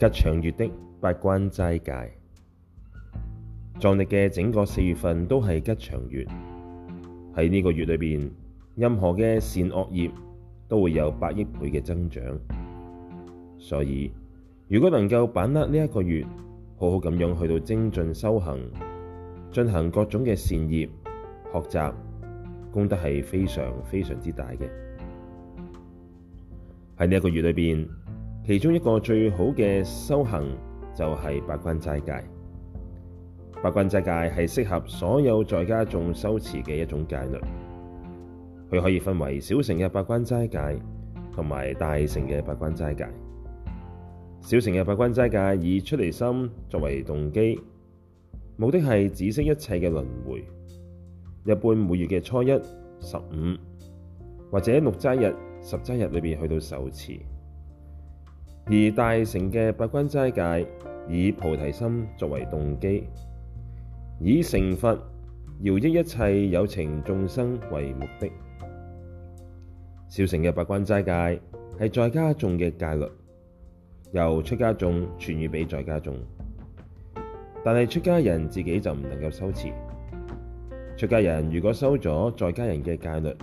吉祥月的八關齋戒，藏曆嘅整個四月份都係吉祥月。喺呢個月裏面，任何嘅善惡業都會有百億倍嘅增長。所以，如果能夠把握呢一個月，好好咁樣去到精進修行，進行各種嘅善業，學習，功德係非常非常之大嘅。喺呢一個月裏面。其中一個最好嘅修行就係八關齋戒。八關齋戒係適合所有在家眾修持嘅一種戒律。佢可以分為小乘嘅八關齋戒同埋大乘嘅八關齋戒。小乘嘅八關齋戒以出離心作為動機，目的係止息一切嘅輪迴。一般每月嘅初一、十五或者六齋日、十齋日裏邊去到修持。而大乘嘅八關齋戒以菩提心作為動機，以成佛、饒益一切有情眾生為目的。小乘嘅八關齋戒係在家眾嘅戒律，由出家眾傳予俾在家眾，但係出家人自己就唔能夠修持。出家人如果修咗在家人嘅戒律，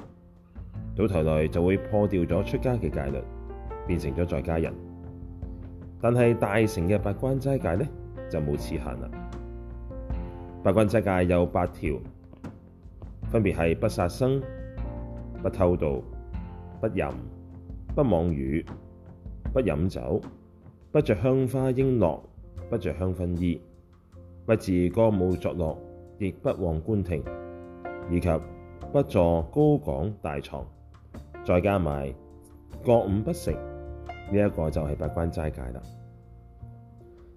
到頭來就會破掉咗出家嘅戒律，變成咗在家人。但係大乘嘅八關齋戒咧就冇此限啦。八關齋戒有八條，分別係不殺生、不偷盜、不淫、不妄語、不飲酒、不着香花瓔珞、不着香薰衣、不自歌舞作樂，亦不往觀聽，以及不坐高廣大床，再加埋過午不食。呢一個就係八關齋戒啦。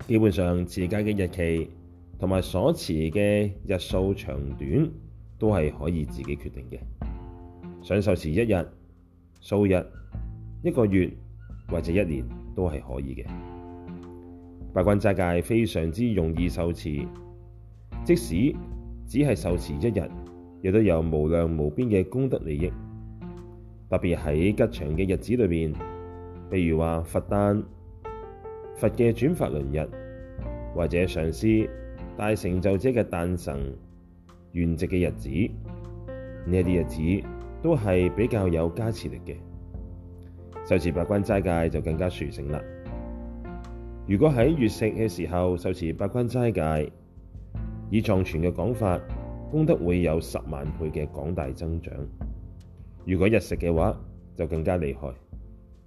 基本上持戒嘅日期同埋所持嘅日數長短都係可以自己決定嘅。想受持一日、數日、一個月或者一年都係可以嘅。八關齋戒非常之容易受持，即使只係受持一日，亦都有無量無邊嘅功德利益。特別喺吉祥嘅日子裏面。譬如話佛誕、佛嘅轉法輪日，或者上師大成就者嘅誕辰、圓寂嘅日子，呢一啲日子都係比較有加持力嘅。受持八關齋戒就更加殊勝啦。如果喺月食嘅時候受持八關齋戒，以藏傳嘅講法，功德會有十萬倍嘅廣大增長。如果日食嘅話，就更加厲害。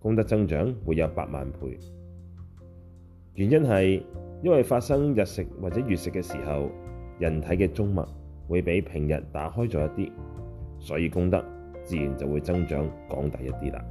功德增長會有百萬倍，原因係因為發生日食或者月食嘅時候，人體嘅中脈會比平日打開咗一啲，所以功德自然就會增長廣大一啲啦。